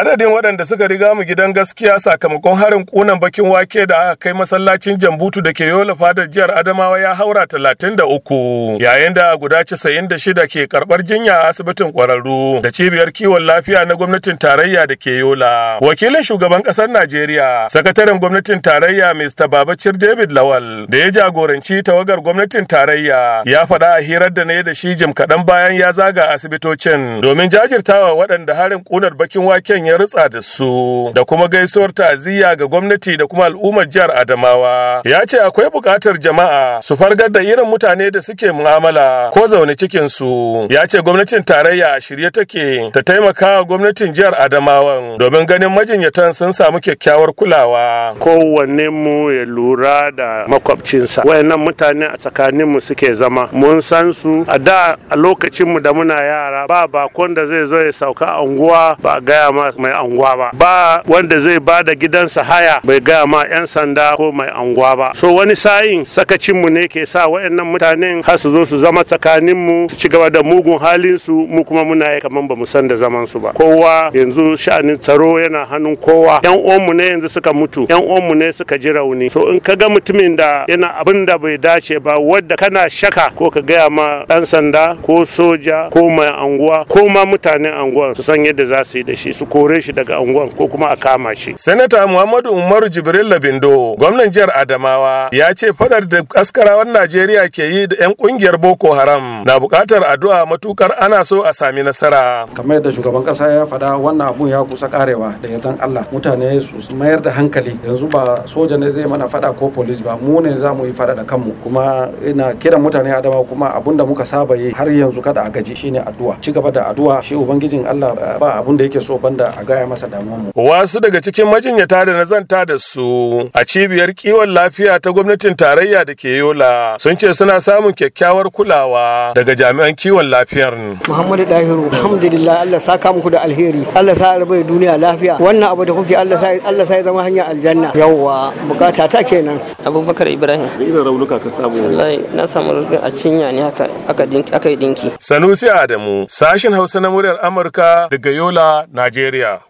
Adadin waɗanda suka riga mu gidan gaskiya sakamakon harin ƙunan bakin wake da aka kai masallacin Jambutu da ke yola fadar jihar Adamawa ya haura talatin da uku, yayin da guda casa'in da shida ke karɓar jinya a asibitin ƙwararru da cibiyar kiwon lafiya na gwamnatin tarayya da ke Yola. Wakilin shugaban ƙasar Najeriya, sakataren gwamnatin tarayya Mr. Babacir David Lawal da ya jagoranci tawagar gwamnatin tarayya ya faɗa a hirar da na yi da shi jim kaɗan bayan ya zaga asibitocin domin jajirtawa waɗanda harin ƙunar bakin waken ya rutsa da su da kuma gaisuwar ta'aziyya ga gwamnati da kuma al'ummar jihar Adamawa. Ya ce akwai buƙatar jama'a su fargar da irin mutane da suke mu'amala ko zaune cikin su. Ya ce gwamnatin tarayya a shirye take ta taimaka wa gwamnatin jihar adamawa domin ganin majinyatan sun samu kyakkyawar kulawa. Kowanne mu ya lura da makwabcinsa. Wayannan mutane a tsakanin mu suke zama. Mun san su a da a lokacin mu da muna yara ba bakon da zai zo ya sauka a unguwa ba a gaya ma mai anguwa ba ba wanda zai ba da gidansa haya bai gaya ma 'yan sanda ko mai anguwa ba so wani sa'in mu ne ke sa wayannan mutanen har su zo su zama tsakaninmu su ci gaba da mugun halin su mu kuma muna yi kaman bamu san da zaman su ba kowa yanzu sha'anin tsaro yana hannun kowa yan uwanmu ne yanzu suka mutu yan uwanmu ne suka ji rauni so in ka ga mutumin da yana abin da bai dace ba wadda kana shaka ko ka gaya ma dan sanda ko soja ko mai anguwa ko ma mutanen anguwa su san yadda za su yi da shi su kore shi daga unguwan ko kuma a kama shi. Sanata Muhammadu Umaru Jibril Labindo, gwamnan jihar Adamawa, ya ce fadar da askarawan Najeriya ke yi da 'yan kungiyar Boko Haram na bukatar addu'a matukar ana so a sami nasara. Kamar yadda shugaban kasa ya faɗa wannan abun ya kusa karewa da yardan Allah mutane su mayar da hankali yanzu ba soja ne zai mana faɗa ko polis ba mu ne za mu yi faɗa da kanmu kuma ina kiran mutane Adamawa kuma abun da muka saba yi har yanzu kada a gaji shine addu'a ci gaba da addu'a shi ubangijin Allah ba abun da yake so banda a gaya masa damuwar mu. Wasu daga cikin majinyata da na zanta da su a cibiyar kiwon lafiya ta gwamnatin tarayya da ke Yola sun ce suna samun kyakkyawar kulawa daga jami'an kiwon lafiyar. Muhammadu Dahiru, alhamdulillah Allah kamu ku da alheri, Allah sa rabai duniya lafiya. Wannan abu da kuke Allah sa Allah sa ya zama hanya aljanna. Yawwa, bukata ta kenan. Abubakar Ibrahim. Da irin raunuka ka samu. Wallahi na samu raunuka a cinya ne haka aka dinki. Sanusi Adamu, sashin Hausa na muryar Amurka daga Yola, Najeriya. Hallelujah